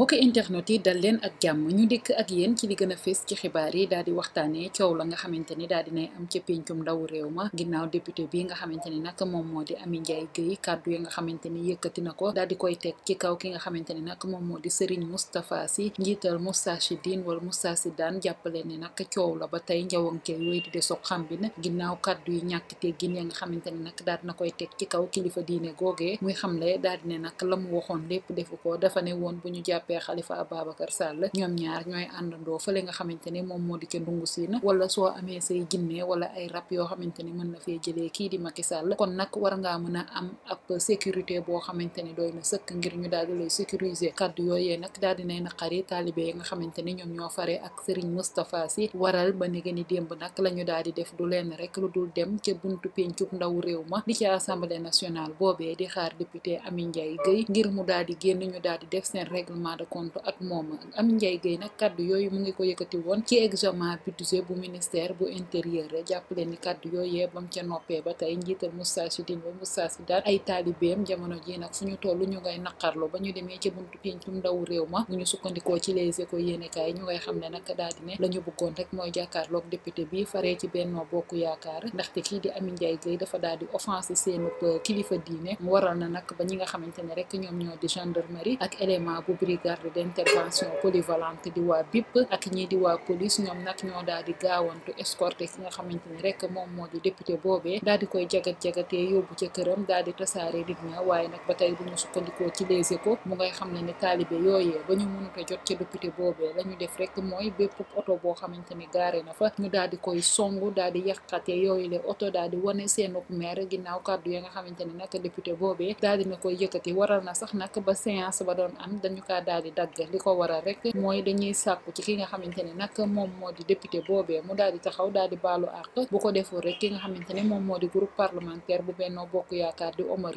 mbokki internet yi dal leen ak jàmm ñu dikk ak yéen ci li gën a fés ci xibaar yi daal di waxtaanee coow la nga xamante ni daal dinay am ca péncum ndaw réew ma ginnaaw député bi nga xamante ni nag moom moo di Amy Ndiaye Guèye kàddu yi nga xamante ni yëkkati na ko daal di koy teg ci kaw ki nga xamante ni nag moom moo di Serigne Moustapha Sy njiital Moustachidine wala Moustachidane jàppale ne nag coow la ba tey njawanke wéy di de soog xam bi nag ginnaaw kàddu yi ñàkk teggin ya nga xamante ni nag daal dina koy teg ci kaw kilifa diine googee muy xamle daal di ne nag la mu waxoon lépp defu ko dafa ne woon bu ñu jàpp jàppee Khalifa Ababacar Sall ñoom ñaar ñooy àndandoo fële nga xamante ne moom moo di ca ndungu siin wala soo amee say jinne wala ay rab yoo xamante ne mën na fee jëlee kii di Macky Sall kon nag war ngaa mën a am ab sécurité boo xamante ne doy na sëkk ngir ñu daal di lay sécuriser kàddu yooyee nag daal di nay naqari taalibe yi nga xamante ne ñoom ñoo fare ak Serigne Moustapha Sy waral ba nege ni démb nag lañu ñu daal di def du leen rek lu dul dem ca bunt pencub ndaw réew ma di ca assemblée règlement de compte ak moom am Ndiaye Guèye nag kàddu yooyu mu ngi ko yëkkati woon ci examen budget bu ministère bu intérieur jàppale ni kàddu yooyee bam ca noppee ba tey njiital Moustarchidine ba Moustarchidaat ay taalibeem jamono ji nag fu ñu toll ñu ngay naqarlu ba ñu demee ci buntu pencum ndaw réew ma bu ñu sukkandikoo ci Les Échos yéenekaay ñu ngay xam ne nag daal ne la ñu bëggoon rek mooy jàkkaarloog député bi faree ci Benno Bokk Yaakaar ndaxte kii di Amy Ndiaye Guèye dafa daal di offensé seen kilifa diine mu brigade d'intervention polyvalente di waa BIP ak ñii di waa police ñoom nag ñoo daal gaawantu escorté ki nga xamante ni moom moo di député boobee daal di koy jagat jagatee yóbbu ca këram daal di tasaare nit ña waaye nag ba tey bu ñu sukkandikoo ci Les Échos mu ngay xam ne ne taalibe yooyee ba ñu mooy bépp oto boo xamante ni gaare na fa ñu daal di koy songu daal di yàqate yooyu le oto daal di wane seenuk maire ginnaaw kàddu ya nga xamante ni nag député boobee daal dina koy yëkkati waral na sax nag ba séance ba doon am dañu kaa daal di dagg li ko waral rek mooy dañuy sàkku ci ki nga xamante ne moom moo di député boobee mu daal di taxaw daal di baalu àq bu ko deful rek ki nga xamante ne moom moo di groupe parlementaire bu Benno Bokk Yaakaar di Omar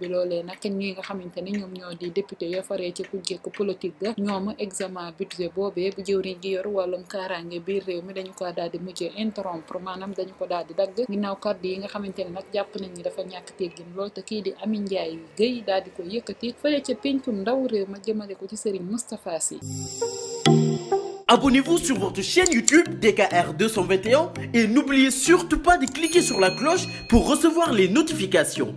bi loolee faree ci kujjekk politique ga ñoom examen budget boobee bu jëwriñ gi yor wàllum kaaraange biir réew mi dañu ko daal di mujjee interrompre maanaam dañu ko daal di dagg ginnaaw kàddu yi nga xamante nag jàpp nañ ni dafa ñàkk teggin lool te kii di Amy Ndiaye Guèye daal di ko yëkkati fële ndaw ma jëmale ci Serigne Moustapha Sy Abonnez-vous sur votre chaîne YouTube DKR 221 et n'oubliez surtout pas de cliquer sur la cloche pour recevoir les notifications.